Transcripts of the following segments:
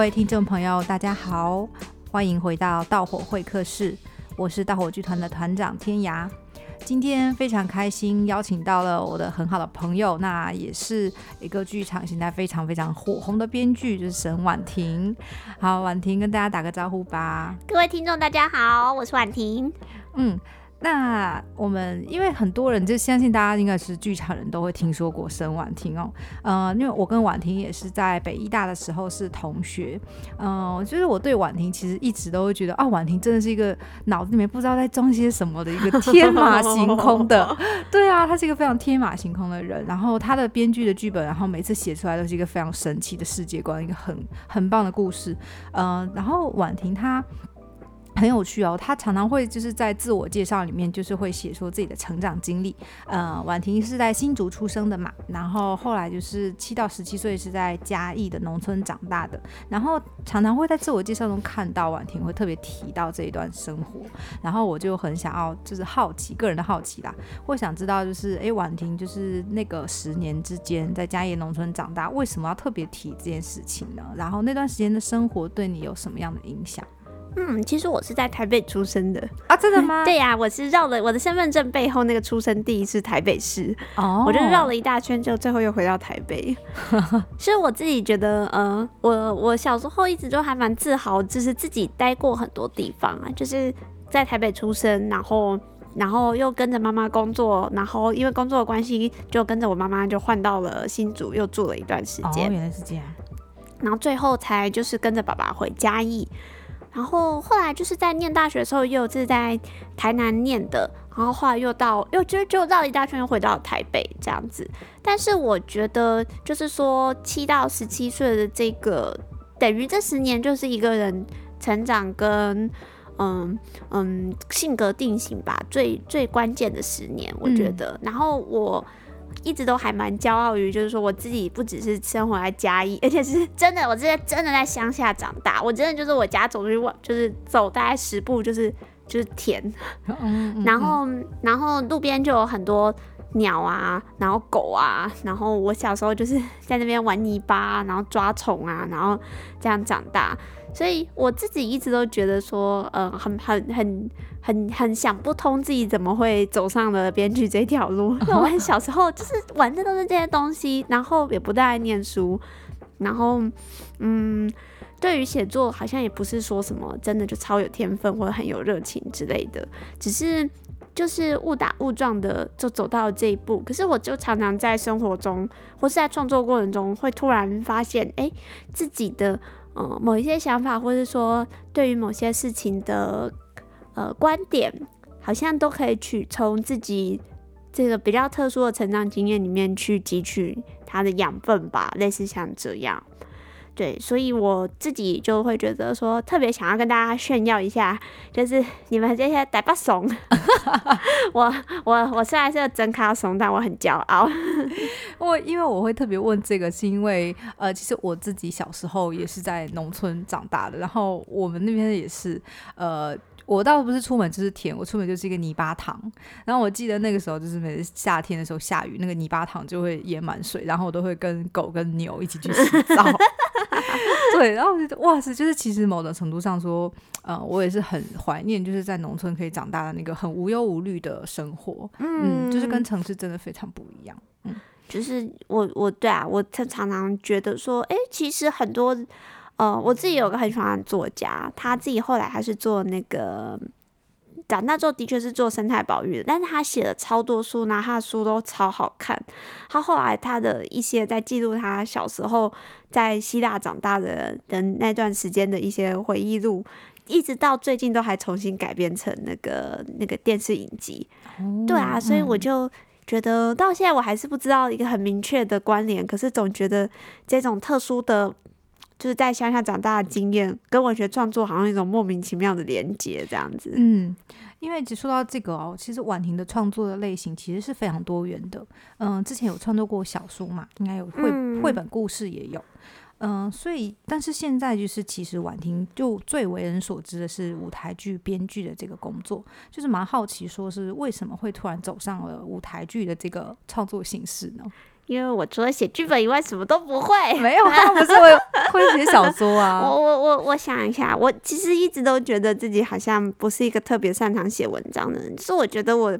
各位聽眾朋友，大家好，歡迎回到《盜火會客室》，我是盜火劇團的團長天涯。今天非常開心，邀請到了我的很好的朋友，那也是一個劇場現在非常非常火紅的編劇，就是沈琬婷。好，琬婷跟大家打個招呼吧。各位聽眾，大家好，我是琬婷。嗯。那我們因為很多人就相信大家應該是劇場人都會聽說過沈琬婷哦，呃，因為我跟琬婷也是在北藝大的時候是同學，嗯、呃，我覺得我對琬婷其實一直都會覺得啊，琬婷真的是一個腦子裡面不知道在裝些什麼的一個天馬行空的， 對啊，他是一個非常天馬行空的人，然後他的編劇的劇本，然後每次寫出來都是一個非常神奇的世界觀，一個很很棒的故事，嗯、呃，然後琬婷她。很有趣哦，他常常會就是在自我介紹裡面，就是會寫出自己的成長經歷。呃，琬婷是在新竹出生的嘛，然後後來就是七到十七歲是在嘉義的農村長大的，然後常常會在自我介紹中看到琬婷會特別提到這一段生活，然後我就很想要，就是好奇個人的好奇啦，會想知道就是哎，琬婷就是那個十年之間在嘉義農村長大，為什麼要特別提這件事情呢？然後那段時間的生活對你有什麼樣的影響？嗯，其實我是在台北出生的啊。真的嗎？嗯、對呀、啊，我是繞了，我的身份證背後那個出生地是台北市哦，oh. 我就繞了一大圈，就最後又回到台北。其實 我自己覺得，嗯、呃，我我小時候一直都還蠻自豪，就是自己待過很多地方啊，就是在台北出生，然後然後又跟着媽媽工作，然後因為工作的關係，就跟着我媽媽就換到了新竹，又住了一段時間，原來是這樣，oh, 啊、然後最後才就是跟着爸爸回嘉義。然後後來就是在念大學的時候，又是在台南念的，然後後來又到又就就繞了一大圈，又回到了台北這樣子。但是我覺得就是說，七到十七歲的這個等於這十年，就是一個人成長跟嗯嗯性格定型吧，最最關鍵的十年，我覺得。嗯。然後我。一直都還蠻驕傲於，就是說我自己不只是生活在嘉義，而且是真的，我真的真的在鄉下長大。我真的就是我家走出去，就是走大概十步就是就是田，嗯嗯嗯然後然後路邊就有很多鳥啊，然後狗啊，然後我小時候就是在那邊玩泥巴啊，然後抓蟲啊，然後這樣長大。所以我自己一直都覺得說，呃，很很很很很想不通自己怎麼會走上了編劇這條路。 我很小時候就是玩的都是這些東西，然後也不太愛念書，然後嗯，對於寫作好像也不是說什麼真的就超有天分或者很有熱情之類的，只是就是誤打誤撞的就走到了這一步。可是我就常常在生活中或是在創作過程中，會突然發現，哎、欸，自己的。嗯，某一些想法，或是說對於某些事情的，呃，觀點，好像都可以去從自己這個比較特殊的成長經驗裡面去汲取它的養分吧，類似像這樣。對，所以我自己就會覺得說，特別想要跟大家炫耀一下，就是你們這些大巴慫， 我我我雖然是個真卡慫，但我很驕傲。我因為我會特別問這個，是因為呃，其實我自己小時候也是在農村長大的，然後我們那邊也是，呃，我倒不是出門就是田，我出門就是一個泥巴塘。然後我記得那個時候就是每次夏天的時候下雨，那個泥巴塘就會淹滿水，然後我都會跟狗跟牛一起去洗澡。 對，然後我覺得哇塞，就是其實某種程度上說，呃，我也是很懷念，就是在農村可以長大的那個很無憂無慮的生活，嗯，嗯，就是跟城市真的非常不一樣，嗯，就是我我對啊，我常常常覺得說，誒，其實很多，呃，我自己有個很喜歡的作家，他自己後來還是做那個。長大之後的確是做生態保育的，但是他寫了超多書，拿他的書都超好看。他後來他的一些在記錄他小時候在希臘長大的人那段時間的一些回憶錄，一直到最近都還重新改編成那個那個電視影集。 對啊，所以我就覺得到現在我還是不知道一個很明確的關聯，可是總覺得這種特殊的。就是在鄉下長大的經驗，跟文學創作好像一種莫名其妙的連接，這樣子。嗯，因為只說到這個哦，其實琬婷的創作的類型其實是非常多元的。嗯、呃，之前有創作過小說嘛，應該有繪繪本故事也有。嗯、呃，所以但是現在就是其實琬婷就最為人所知的是舞台劇編劇的這個工作，就是蠻好奇，說是為什麼會突然走上了舞台劇的這個創作形式呢？因為我除了寫劇本以外，什麼都不會。沒有啊，不是我會寫小說啊。 我我我我想一下，我其實一直都覺得自己好像不是一個特別擅長寫文章的人。就是我覺得我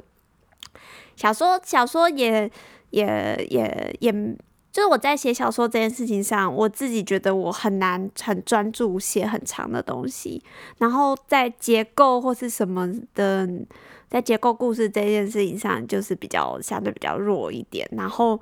小說小說也也也也，就是我在寫小說這件事情上，我自己覺得我很難很專注寫很長的東西。然後在結構或是什麼的，在結構故事這件事情上，就是比較相對比較弱一點。然後。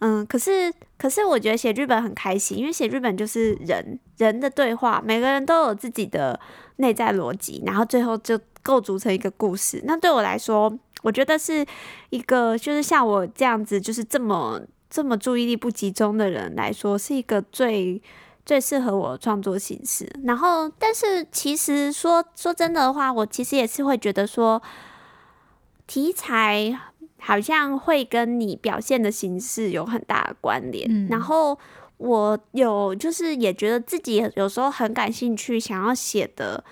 嗯，可是可是，我覺得寫劇本很開心，因為寫劇本就是人人的對話，每個人都有自己的內在邏輯，然後最後就構築成一個故事。那對我來說，我覺得是一個，就是像我這樣子，就是這麼這麼注意力不集中的人來說，是一個最最適合我創作形式。然後，但是其實說說真的的話，我其實也是會覺得說題材。好像會跟你表現的形式有很大的關聯。嗯，然後我有就是也覺得自己有時候很感興趣，想要寫的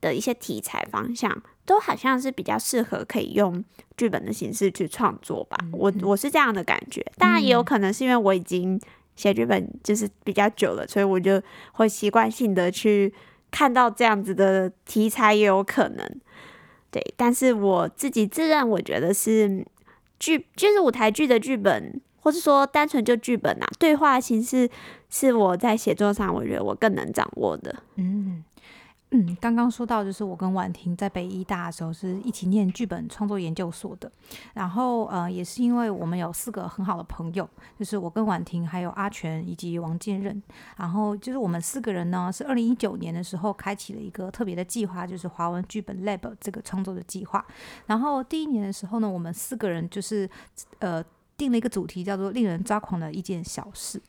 的一些題材方向，都好像是比較適合可以用劇本的形式去創作吧。嗯嗯。我我是這樣的感覺。當然也有可能是因為我已經寫劇本就是比較久了，嗯。所以我就會習慣性的去看到這樣子的題材也有可能。對，但是我自己自認我覺得是。劇就是舞台劇的劇本，或是說單純就劇本啊，對話形式是，是我在寫作上我覺得我更能掌握的，嗯。嗯，剛剛說到，就是我跟琬婷在北藝大的時候是一起念劇本創作研究所的，然後呃也是因為我們有四個很好的朋友，就是我跟琬婷還有阿全以及王健任，然後就是我們四個人呢，是二零一九年的時候開啟了一個特別的計劃，就是華文劇本 Lab 這個創作的計劃，然後第一年的時候呢，我們四個人就是呃定了一個主題叫做令人抓狂的一件小事。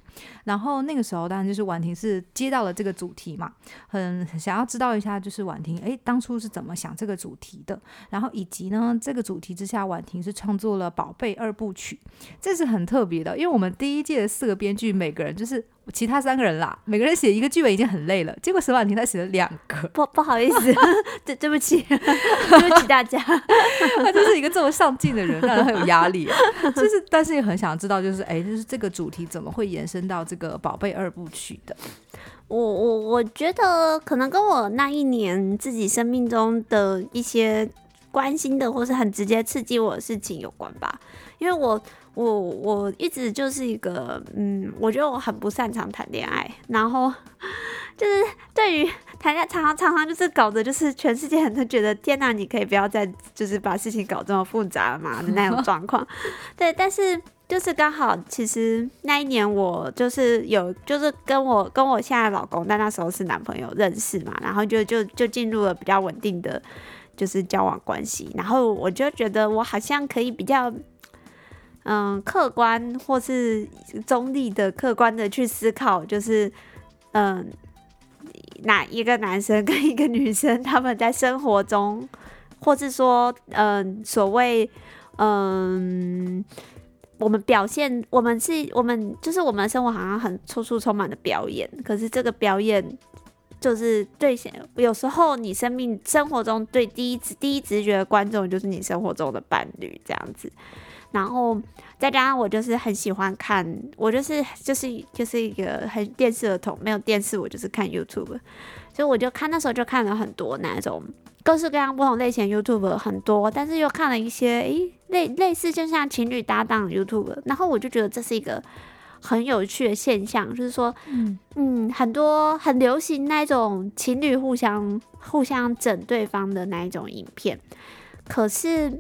然後那個時候，當然就是琬婷是接到了這個主題嘛，很想要知道一下，就是琬婷哎，當初是怎麼想這個主題的？然後以及呢，這個主題之下，琬婷是創作了《寶貝二部曲》，這是很特別的，因為我們第一屆的四個編劇，每個人就是其他三個人啦，每個人寫一個劇本已經很累了，結果沈琬婷她寫了兩個，不不好意思， 對對不起，對不起大家，這 是一個這麼上進的人，讓人很有壓力啊，就是但是也很想知道，就是哎，就是這個主題怎麼會延伸？到這個寶貝二部曲的，我我我覺得可能跟我那一年自己生命中的一些關心的，或是很直接刺激我的事情有關吧。因為我我我一直就是一個，嗯，我覺得我很不擅長談戀愛，然後就是對於談戀愛常常常常就是搞得就是全世界人都覺得天哪，你可以不要再就是把事情搞這麼複雜的嘛 的那種狀況。對，但是。就是剛好，其實那一年我就是有，就是跟我跟我現在老公，但那時候是男朋友認識嘛，然後就就就進入了比較穩定的就是交往關係，然後我就覺得我好像可以比較，嗯，客觀或是中立的、客觀的去思考，就是嗯，哪一個男生跟一個女生他們在生活中，或是說嗯，所謂嗯。我們表現，我們是，我們就是，我們生活好像很處處充滿了表演。可是這個表演，就是對，有時候你生命生活中對第一直第一直覺的觀眾就是你生活中的伴侶，這樣子。然後再加上我就是很喜歡看，我就是就是就是一個很電視兒童，沒有電視我就是看 YouTube，所以我就看那時候就看了很多那種各式各樣不同類型的 YouTuber 很多，但是又看了一些誒、欸、類類似就像情侶搭檔的 YouTuber，然後我就覺得這是一個很有趣的現象，就是說嗯嗯很多很流行那一種情侶互相互相整對方的那一種影片，可是，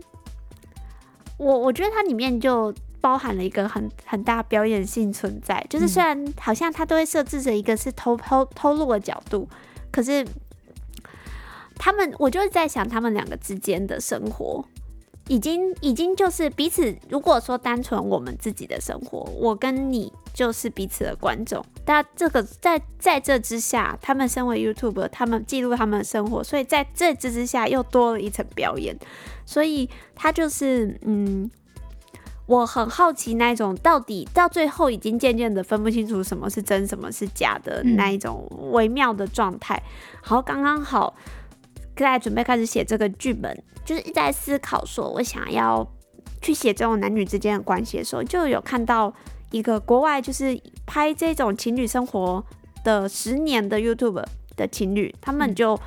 我我覺得它裡面就包含了一個很很大表演性存在，就是雖然好像它都會設置着一個是偷偷偷錄的角度，可是他們我就是在想他們兩個之間的生活。已經已經就是彼此。如果說單純我們自己的生活，我跟你就是彼此的觀眾。但這個在在這之下，他們身為 YouTuber，他們記錄他們的生活，所以在這之之下又多了一層表演。所以他就是嗯，我很好奇那一種到底到最後已經漸漸的分不清楚什麼是真什麼是假的，嗯、那一種微妙的狀態。好，剛剛好在準備開始寫這個劇本。就是一直在思考，說我想要去寫這種男女之間的關係的時候，就有看到一個國外就是拍這種情侶生活的十年的 YouTube 的情侶，他們就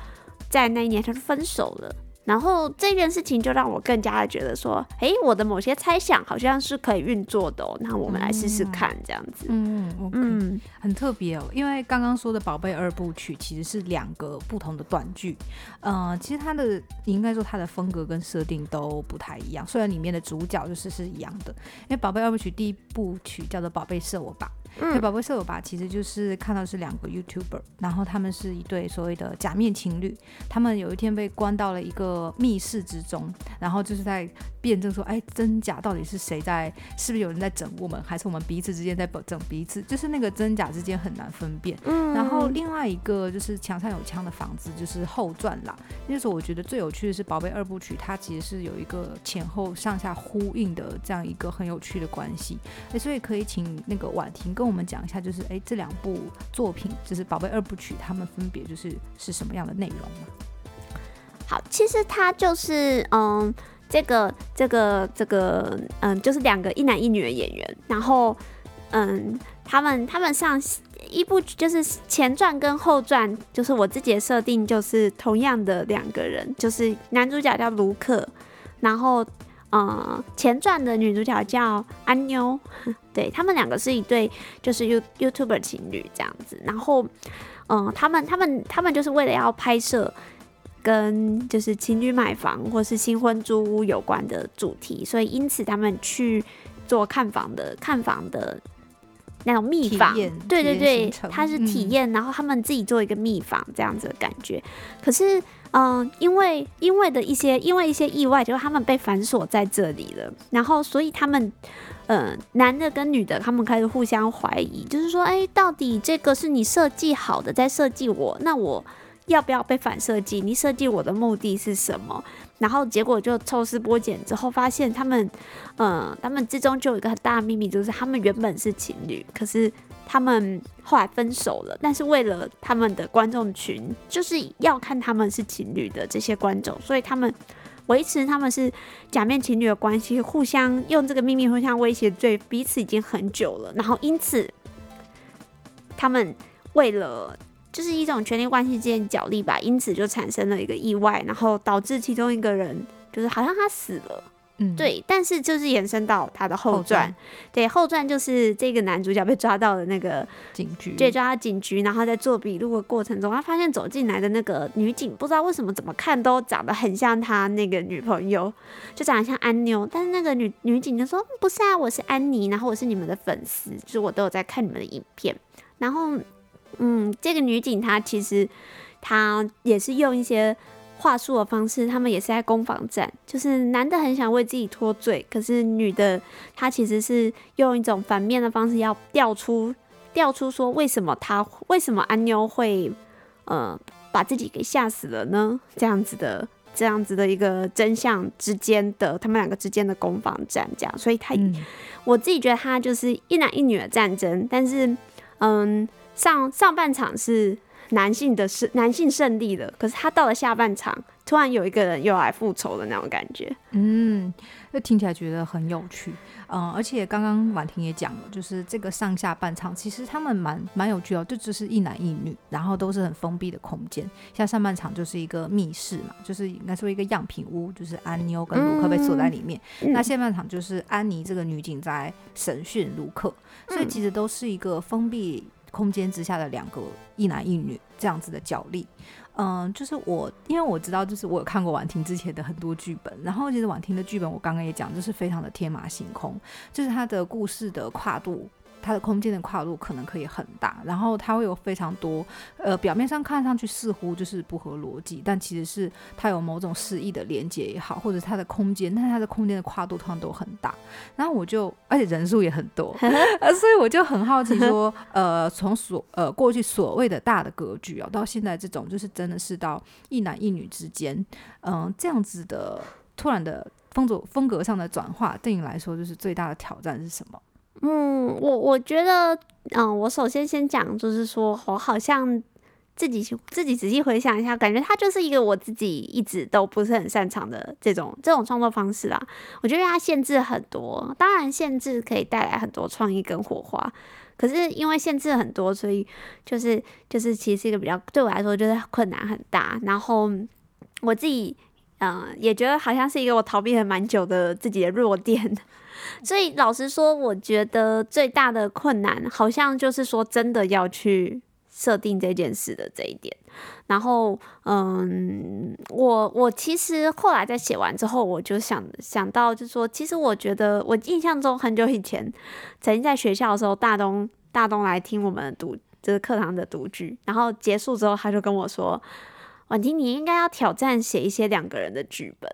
在那一年他們分手了。然後這件事情就讓我更加的覺得說，誒，我的某些猜想好像是可以運作的哦。那我們來試試看，嗯、這樣子。嗯嗯，okay, 很特別哦，因為剛剛說的《寶貝二部曲》其實是兩個不同的短劇，嗯、呃，其實它的應該說它的風格跟設定都不太一樣，雖然裡面的主角就是是一樣的。因為《寶貝二部曲》第一部曲叫做《寶貝是我爸》。欸，《寶貝·射我吧》，其實就是看到是兩個 YouTuber，然後他們是一對所謂的假面情侶。他們有一天被關到了一個密室之中，然後就是在辯證說：哎、欸，真假到底是誰在？是不是有人在整我們？還是我們彼此之間在不整彼此？就是那個真假之間很難分辨。嗯，然後另外一個就是牆上有槍的房子，就是後傳啦。那時候我覺得最有趣的是《寶貝二部曲》，它其實是有一個前後上下呼應的這樣一個很有趣的關係。哎、欸，所以可以請那個琬婷跟。跟我們講一下，就是誒、欸、這兩部作品，就是《寶貝二部曲》，他們分別就是是什麼樣的內容嗎？好，其實他就是，嗯，這個，這個，這個，嗯，就是兩個一男一女的演員，然後，嗯，他們他們上一部就是前傳跟後傳，就是我自己的設定，就是同樣的兩個人，就是男主角叫盧克，然後。嗯，前傳的女主角叫安妞，對他們兩個是一對，就是 You YouTuber 情侶這樣子。然後，嗯，他們他們他們就是為了要拍攝跟就是情侶買房或是新婚租屋有關的主題，所以因此他們去做看房的，看房的。那種密房，對對對，他是體驗，然後他們自己做一個密房這樣子的感覺。嗯、可是，嗯、呃，因為因為的一些因為一些意外，就是他們被反鎖在這裡了，然後所以他們，嗯、呃，男的跟女的，他們開始互相懷疑，就是說，哎、欸，到底這個是你設計好的，在設計我？那我要不要被反設計？你設計我的目的是什麼？然後結果就抽絲剝繭之後，發現他們，嗯、呃，他們之中就有一個很大的祕密，就是他們原本是情侶，可是他們後來分手了。但是為了他們的觀眾群，就是要看他們是情侶的這些觀眾，所以他們維持他們是假面情侶的關係，互相用這個祕密互相威脅，對彼此已經很久了。然後因此，他們為了。就是一種權力關係之間的角力吧，因此就產生了一個意外，然後導致其中一個人就是好像他死了，嗯，對。但是就是延伸到他的後傳，後傳，對後傳就是這個男主角被抓到了那個警局，對，抓到警局，然後在做筆錄的過程中，他發現走進來的那個女警不知道為什麼怎麼看都長得很像他那個女朋友，就長得像安妞。但是那個女女警就說：“不是啊，我是安妮，然後我是你們的粉絲，就是我都有在看你們的影片。”然後。嗯，這個女警她其實她也是用一些話術的方式，他們也是在攻防戰，就是男的很想為自己脫罪。可是女的她其實是用一種反面的方式要調出調出，說為什麼她？為什麼安妞會呃把自己給嚇死了呢？這樣子的這樣子的一個真相之間的他們兩個之間的攻防戰，這樣所以她、嗯、我自己覺得她就是一男一女的戰爭，但是嗯。上上半場是男性的勝，男性勝利了。可是他到了下半場，突然有一個人又來復仇的那種感覺。嗯，那聽起來覺得很有趣。嗯、呃，而且剛剛婉婷也講了，就是這個上下半場其實他們蠻蠻有趣哦、喔。就只是一男一女，然後都是很封閉的空間。像上半場就是一個密室嘛，就是應該說一個樣品屋，就是安妮跟盧克被鎖在裡面。嗯、那下半場就是安妮這個女警在審訊盧克，嗯、所以其實都是一個封閉。空間之下的兩個一男一女這樣子的角力，嗯，就是我，因為我知道，就是我有看過琬婷之前的很多劇本，然後其實琬婷的劇本，我剛剛也講，就是非常的天馬行空，就是她的故事的跨度。它的空間的跨度可能可以很大，然後它會有非常多，呃，表面上看上去似乎就是不合邏輯，但其實是它有某種詩意的連接也好，或者它的空間，但它的空間的跨度通常都很大。然後我就，而且人數也很多， 呃、所以我就很好奇說，呃，從所呃過去所謂的大的格局哦，到現在這種就是真的是到一男一女之間，嗯、呃，這樣子的突然的風作風格上的轉化，對你來說就是最大的挑戰是什麼？嗯，我我覺得，嗯，我首先先講，就是說我好像自己自己仔細回想一下，感覺它就是一個我自己一直都不是很擅長的這種這種創作方式啦。我覺得它限制很多，當然限制可以帶來很多創意跟火花，可是因為限制很多，所以就是就是其實是一個比較對我來說就是困難很大。然後我自己嗯也覺得好像是一個我逃避了蠻久的自己的弱點。所以，老實說，我覺得最大的困難好像就是說，真的要去設定這件事的這一點。然後，嗯，我我其實後來在寫完之後，我就想想到，就是說，其實我覺得，我印象中很久以前，曾經在學校的時候，大東大東來聽我們讀，就是課堂的讀劇，然後結束之後，他就跟我說。琬婷，你應該要挑戰寫一些兩個人的劇本，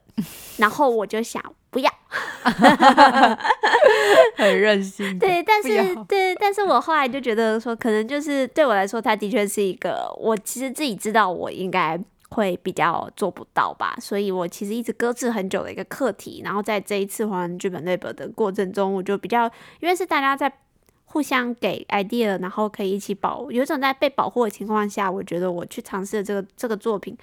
然後我就想不要， 很任性。對，但是要對，但是我後來就覺得說，可能就是對我來說，他的確是一個我其實自己知道我應該會比較做不到吧，所以我其實一直擱置很久的一個課題。然後在這一次還完劇本 lab 的過程中，我就比較因為是大家在。互相給 idea，然後可以一起保。有一種在被保護的情況下，我覺得我去嘗試了這個這個作品。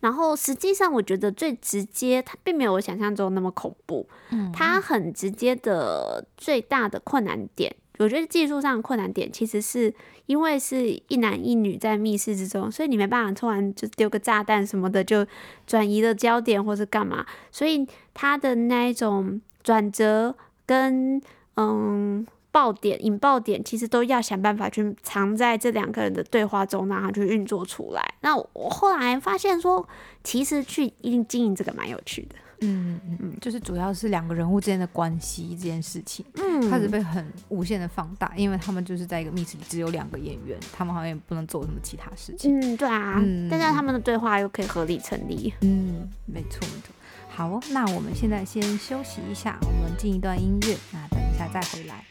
然後實際上，我覺得最直接，它並沒有我想象中那麼恐怖。嗯，它很直接的最大的困難點，我覺得技術上的困難點，其實是因為是一男一女在密室之中，所以你沒辦法突然就丟個炸彈什麼的，就轉移了焦點或是幹嘛。所以它的那一種轉折跟嗯。爆點引爆點其實都要想辦法去藏在這兩個人的對話中，然後去運作出來。那我，我後來發現說，其實去一定經營這個蠻有趣的。嗯嗯嗯，就是主要是兩個人物之間的關係這件事情，開始、嗯、被很無限的放大，因為他們就是在一個密室裡，只有兩個演員，他們好像也不能做什麼其他事情。嗯，對啊。嗯。但是他們的對話又可以合理成立。嗯，沒錯沒錯。好、哦，那我們現在先休息一下，我們進一段音樂。那等一下再回來。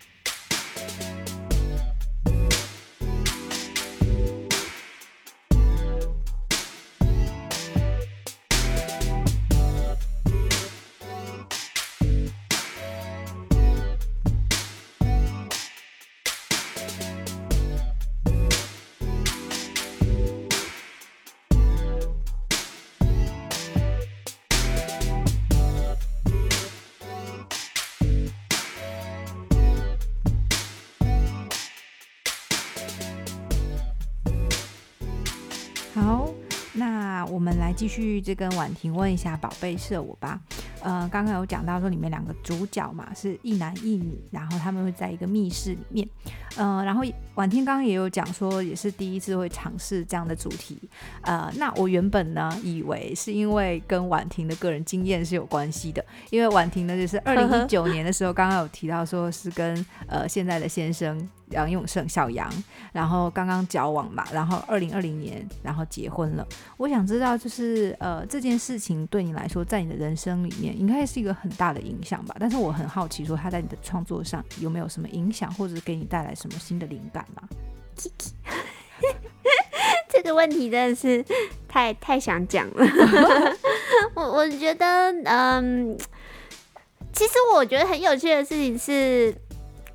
好，那我們來繼續這跟琬婷問一下《寶貝射我吧》。呃，剛剛有講到說，你們兩個主角嘛，是一男一女，然後他們會在一個密室裡面。嗯、呃，然後琬婷剛剛也有講說，也是第一次會嘗試這樣的主題。呃，那我原本呢，以為是因為跟琬婷的個人經驗是有關係的，因為琬婷呢就是二零一九年的時候剛剛有提到說是跟呃現在的先生。楊永勝，小楊，然後剛剛交往吧，然後二零二零年，然後結婚了。我想知道，就是呃，這件事情對你來說，在你的人生裡面，應該是一個很大的影響吧？但是我很好奇，說他在你的創作上有沒有什麼影響，或者是給你帶來什麼新的靈感嗎？這個問題真的是太太想講了。 我我覺得，嗯，其實我覺得很有趣的事情是。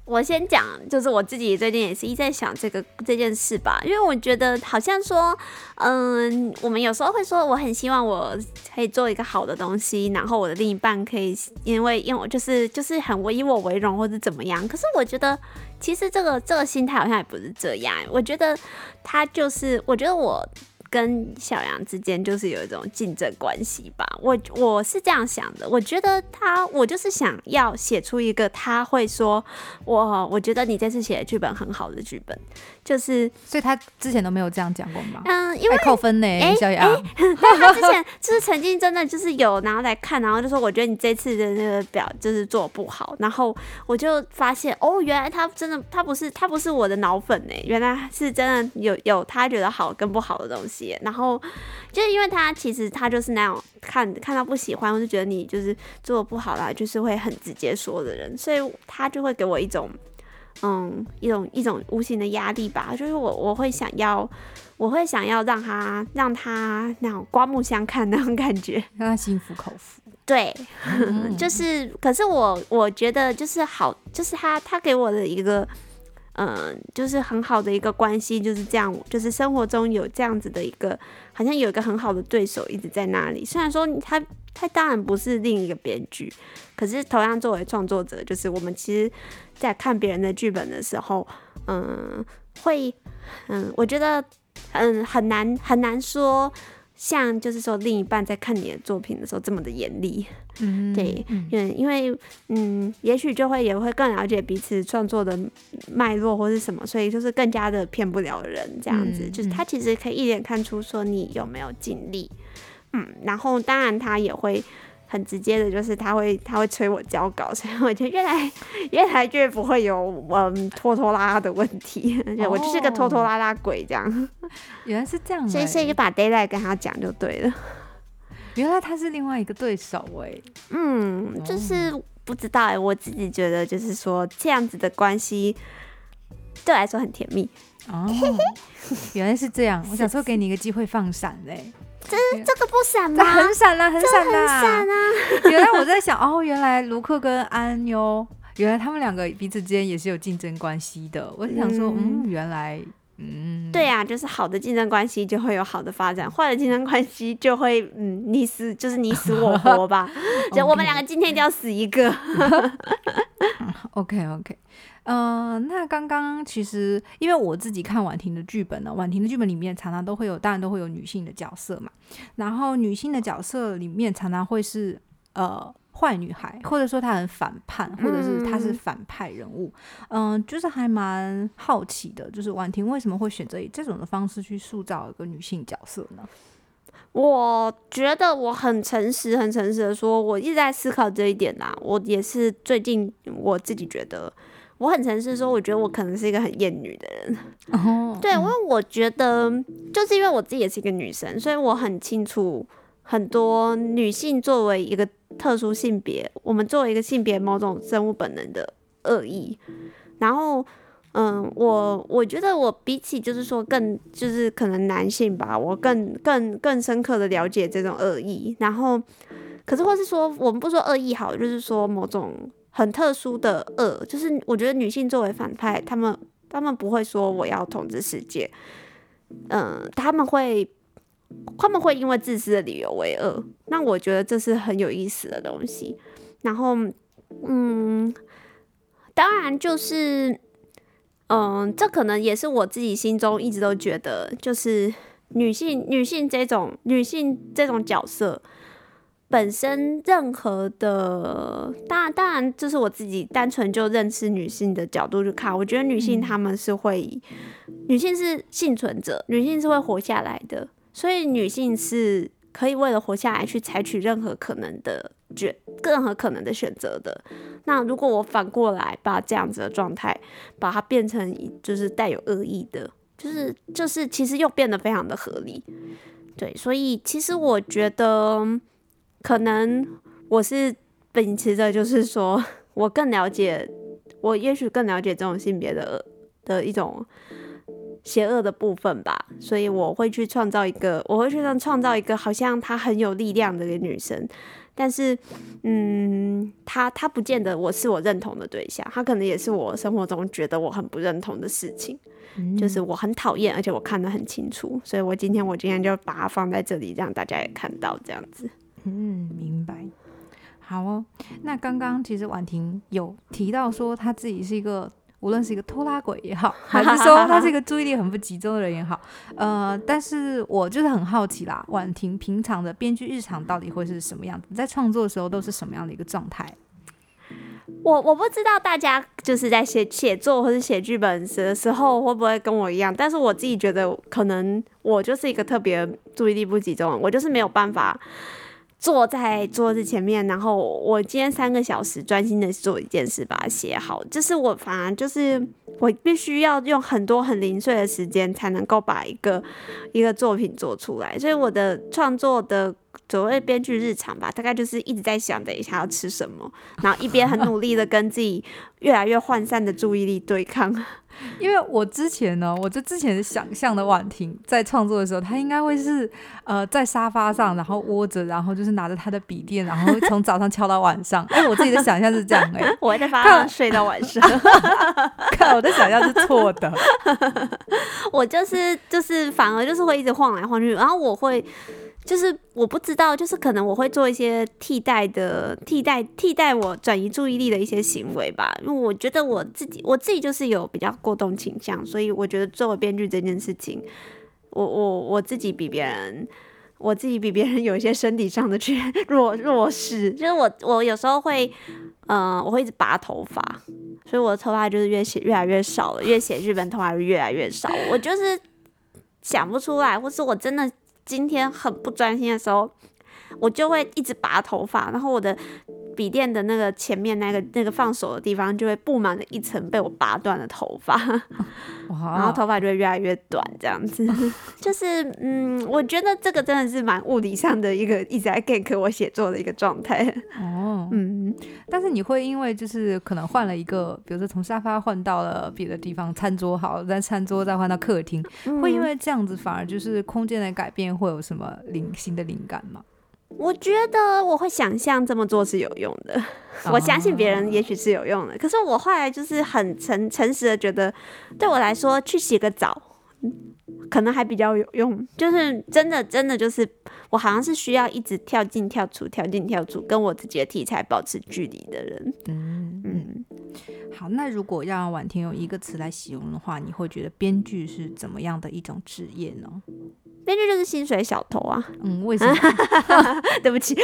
我先講，就是我自己最近也是一直在想這個這件事吧，因為我覺得好像說，嗯，我們有時候會說，我很希望我可以做一個好的東西，然後我的另一半可以因為因為我就是就是很我以我為榮或者怎麼樣。可是我覺得其實這個這個心態好像也不是這樣，我覺得他就是我覺得我。跟小楊之間就是有一種競爭關係吧，我我是這樣想的，我覺得他，我就是想要寫出一個他會說，我我覺得你這次寫的劇本很好的劇本。就是，所以他之前都沒有這樣講過嗎？嗯，因為扣分呢，欸。哎哎，對他之前就是曾經真的就是有然後來看， 然後就說我覺得你這次的那個表就是做不好，然後我就發現哦，原來他真的他不是他不是我的腦粉呢，原來是真的有有他覺得好跟不好的東西，然後就是因為他其實他就是那種看看到不喜歡，或是覺得你就是做不好啦，就是會很直接說的人，所以他就會給我一種。嗯，一種一種無形的壓力吧，就是我我會想要，我會想要讓他讓他那種刮目相看那種感覺，讓他心服口服。對，嗯嗯嗯 就是可是我我覺得就是好，就是他他給我的一個。嗯，就是很好的一個關係，就是這樣，就是生活中有這樣子的一個，好像有一個很好的對手一直在那裡。雖然說他他當然不是另一個編劇，可是同樣作為創作者，就是我們其實在看別人的劇本的時候，嗯，會，嗯，我覺得，嗯，很難，很難說。像就是說，另一半在看你的作品的時候，這麼的嚴厲，嗯，對，嗯，因為嗯，也許就會也會更了解彼此創作的脈絡或是什麼，所以就是更加的騙不了人，這樣子，嗯、就是他其實可以一眼看出說你有沒有盡力，嗯，嗯然後當然他也會。很直接的，就是他會他會催我交稿，所以我就越來越來越不會有嗯拖拖拉拉的問題，oh. 我就是個拖拖拉拉鬼這樣。原來是這樣，欸，所以就把 Deadline 跟他講就對了。原來他是另外一個對手哎，欸，嗯，就是不知道哎，欸，我自己覺得就是說這樣子的關係，對我來說很甜蜜哦。Oh, 原來是這樣，我想說給你一個機會放閃嘞，欸。這這個不閃嗎？很閃啦、啊，很閃啦、啊，很閃啊。原來我在想 哦，原來盧克跟安優，原來他們兩個彼此之間也是有競爭關係的。嗯、我就想說，嗯，原來，嗯，對呀、啊，就是好的競爭關係就會有好的發展，壞的競爭關係就會，嗯，你死就是你死我活吧。 就我們兩個今天就要死一個。 OK OK。嗯、呃，那剛剛其實因為我自己看琬婷的劇本呢，琬婷的劇本裡面常常都會有，當然都會有女性的角色嘛。然後女性的角色裡面常常會是呃壞女孩，或者說她很反叛，或者是她是反派人物。嗯、呃，就是還蠻好奇的，就是琬婷為什麼會選擇以這種的方式去塑造一個女性角色呢？我覺得我很誠實、很誠實的說，我一直在思考這一點啦、啊。我也是最近我自己覺得。我很誠實說，我覺得我可能是一個很厭女的人。Oh. 對，因為我覺得，就是因為我自己也是一個女生，所以我很清楚很多女性作為一個特殊性別，我們作為一個性別某種生物本能的惡意。然後，嗯，我我覺得我比起就是說更就是可能男性吧，我更更更深刻的了解這種惡意。然後，可是或是說，我們不說惡意好，就是說某種。很特殊的惡，就是我覺得女性作為反派，她們她們不會說我要統治世界，嗯，她們會她們會因為自私的理由為惡，那我覺得這是很有意思的東西。然後，嗯，當然就是，嗯，這可能也是我自己心中一直都覺得，就是女性女性這種女性這種角色。本身任何的，當然當然，這是我自己單純就認識女性的角度去看，我覺得女性她們是會，女性是倖存者，女性是會活下來的，所以女性是可以為了活下來去採取任何可能的決，任何可能的選擇的。那如果我反過來把這樣子的狀態，把它變成就是帶有惡意的，就是就是其實又變得非常的合理，對，所以其實我覺得。可能我是秉持着，就是說我更了解，我也許更了解這種性別的的一種邪惡的部分吧，所以我會去創造一個，我會去讓創造一個好像她很有力量的一個女生，但是，嗯，她她不見得我是我認同的對象，她可能也是我生活中覺得我很不認同的事情，就是我很討厭，而且我看得很清楚，所以我今天我今天就把它放在這裡，讓大家也看到這樣子。嗯，明白。好哦，那剛剛其實琬婷有提到說，她自己是一個，無論是一個拖拉鬼也好，還是說她是一個注意力很不集中的人也好， 呃，但是我就是很好奇啦，琬婷平常的編劇日常到底會是什麼樣子？在創作的時候都是什麼樣的一個狀態？我我不知道大家就是在寫寫作或者寫劇本寫的時候會不會跟我一樣，但是我自己覺得，可能我就是一個特別注意力不集中，我就是沒有辦法。坐在桌子前面，然後我今天三個小時專心的做一件事，把它寫好。就是我反而就是我必須要用很多很零碎的時間，才能夠把一個一個作品做出來。所以我的創作的所謂編劇日常吧，大概就是一直在想等一下要吃什麼，然後一邊很努力的跟自己越來越渙散的注意力對抗。因為我之前呢，我就之前想象的婉婷在創作的時候，她應該會是呃在沙發上，然後窩着，然後就是拿着她的筆電，然後從早上敲到晚上。哎， 我自己的想象是這樣哎，我會在沙發上睡到晚上， 看我的想象是錯的， 我就是就是反而就是會一直晃來晃去，然後我會。就是我不知道，就是可能我會做一些替代的替代替代我轉移注意力的一些行為吧，因為我覺得我自己我自己就是有比較過動傾向，所以我覺得作為編劇這件事情，我我我自己比別人我自己比別人有一些身體上的缺弱弱勢，就是我我有時候會嗯、呃、我會一直拔頭髮，所以我的頭髮就是越寫越來越少了，越寫劇本頭髮越來越少，我就是想不出來，或是我真的。今天很不專心的時候，我就會一直拔頭髮，然後我的筆電的那個前面那個那個放手的地方就會佈滿了一層被我拔斷的頭髮，哇然後頭髮就會越來越短，這樣子。 就是嗯，我覺得這個真的是蠻物理上的一個一直在 gank 我寫作的一個狀態。哦，嗯，但是你會因為就是可能換了一個，比如說從沙發換到了別的地方，餐桌好，再餐桌再換到客廳，嗯、會因為這樣子反而就是空間的改變會有什麼靈、嗯、新的靈感嗎？我覺得我會想象這麼做是有用的，oh, 我相信別人也許是有用的。可是我後來就是很誠誠實的覺得，對我來說去洗個澡，可能還比較有用。就是真的真的就是，我好像是需要一直跳進跳出跳進跳出，跟我自己的題材保持距離的人。嗯嗯。嗯好，那如果要婉婷用一個詞來形容的話，你會覺得編劇是怎麼樣的一種職業呢？編劇就是薪水小偷啊！嗯，為什麼？ 對不起，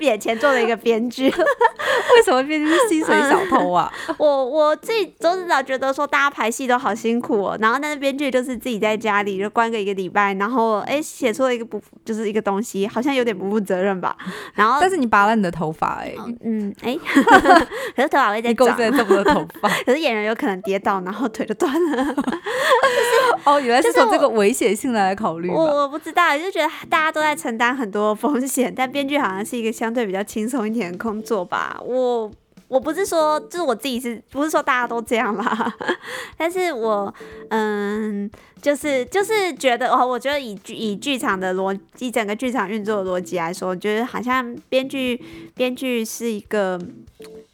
眼前坐了一個編劇， 為什麼編劇是薪水小偷啊？ 我我自己周指導覺得說，大家排戲都好辛苦哦、喔，然後但是編劇就是自己在家裡就關個一個禮拜，然後哎寫、欸、出了一個不就是一個東西，好像有點不負責任吧？然後但是你拔了你的頭髮哎、欸，嗯哎，欸、 可是頭髮會在長，你貢獻這麼多頭髮？ 可是演員有可能跌倒，然後腿就斷了。 就是、哦，原來是從這個危險性來考慮。我不知道，我就覺得大家都在承擔很多風險，但編劇好像是一個相對比較輕鬆一點的工作吧。我我不是說就是我自己是不是說大家都這樣啦，但是我嗯，就是就是覺得哦，我覺得以劇以劇場的邏輯，整個劇場運作的邏輯來說，我覺得好像編劇編劇是一個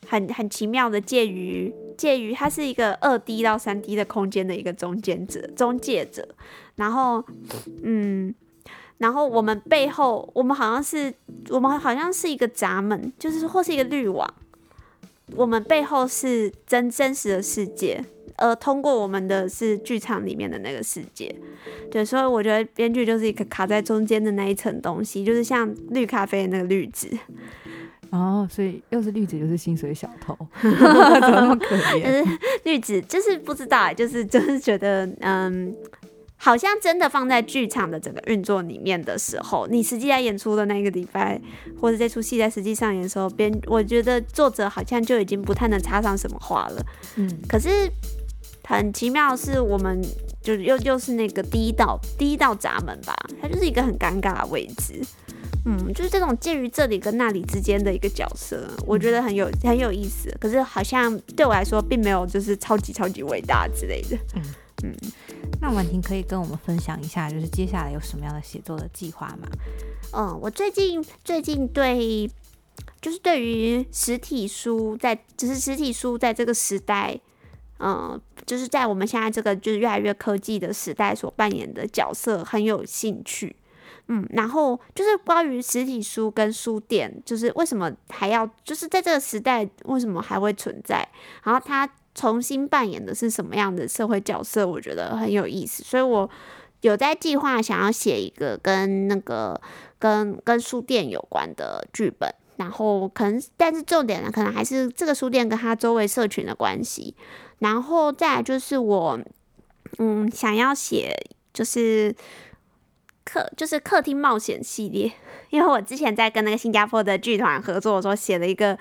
很很奇妙的介於介於它是一個二 D 到三 D 的空間的一個中間者中介者。然後，嗯，然後我們背後，我們好像是，我們好像是一個閘門，就是說或是一個濾網。我們背後是真真實的世界，而通過我們的是劇場裡面的那個世界。對，所以我覺得編劇就是一個卡在中間的那一層東西，就是像綠咖啡的那個濾紙。哦，所以又是濾紙，又是薪水小偷， 怎麼那麼可憐？就是濾紙，就是不知道，就是就是覺得，嗯。好像真的放在劇場的整個運作裡面的時候，你實際在演出的那個禮拜，或者這出戲在實際上演的時候，編我覺得作者好像就已經不太能插上什麼話了。嗯，可是很奇妙的是我們就又又是那個第一道第一道閘門吧，它就是一個很尷尬的位置。嗯，就是這種介於這裡跟那裡之間的一個角色，我覺得很有很有意思。可是好像對我來說，並沒有就是超級超級偉大之類的。嗯嗯，那琬婷可以跟我們分享一下，就是接下來有什麼樣的寫作的計劃嗎？嗯，我最近最近對，就是對於實體書在，就是實體書在這個時代，嗯，就是在我們現在這個就是越來越科技的時代所扮演的角色很有興趣。嗯，然後就是關於實體書跟書店，就是為什麼還要，就是在這個時代為什麼還會存在？然後它。重新扮演的是什麼樣的社會角色？我覺得很有意思，所以我有在計劃想要寫一個跟那個跟跟書店有關的劇本，然後可能但是重點呢，可能還是這個書店跟他周圍社群的關係。然後再來就是我嗯想要寫、就是、就是客就是客廳冒險系列，因為我之前在跟那個新加坡的劇團合作的時候寫了一個。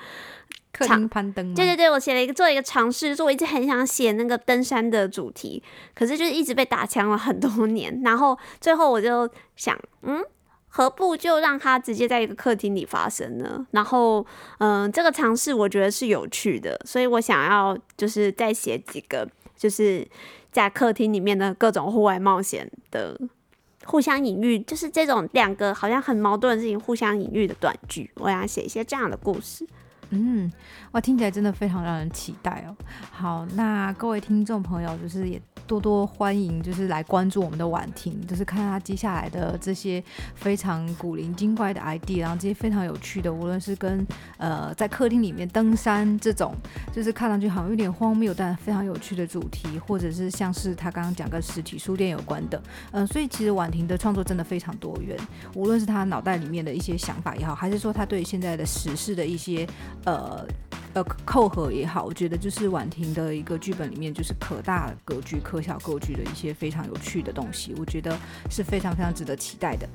長對對對，我寫了一個，做了一個嘗試。所以我一直很想寫那個登山的主題，可是就是一直被打槍了很多年。然後最後我就想，嗯，何不就讓它直接在一個客廳裡發生呢？然後，嗯、呃，這個嘗試我覺得是有趣的，所以我想要就是再寫幾個，就是在客廳裡面的各種戶外冒險的互相隱喻，就是這種兩個好像很矛盾的事情互相隱喻的短劇。我想寫一些這樣的故事。嗯，哇，聽起來真的非常讓人期待哦。好，那各位聽眾朋友就是也多多歡迎，就是來關注我們的琬婷，就是看她接下來的這些非常古靈精怪的 ID，然後這些非常有趣的，無論是跟呃在客廳裡面登山這種，就是看上去好像有點荒謬，但非常有趣的主題，或者是像是她剛剛講跟實體書店有關的，嗯、呃，所以其實琬婷的創作真的非常多元，無論是她腦袋裡面的一些想法也好，還是說她對現在的時事的一些呃。呃，扣合也好，我覺得就是琬婷的一個劇本裡面，就是可大格局、可小格局的一些非常有趣的東西，我覺得是非常非常值得期待的。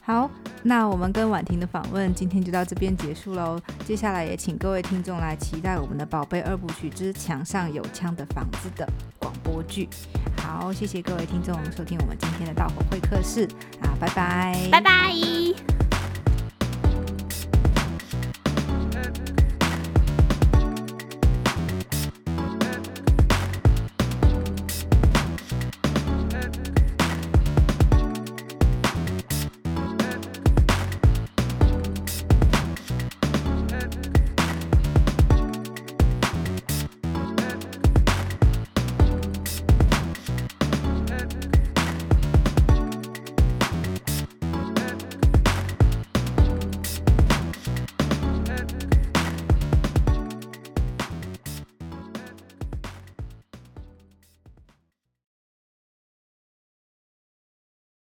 好，那我們跟琬婷的訪問今天就到這邊結束嘍。接下來也請各位聽眾來期待我們的寶貝二部曲之《牆上有槍的房子》的廣播劇。好，謝謝各位聽眾收聽我們今天的《盜火會客室》啊，拜拜，拜拜。拜拜。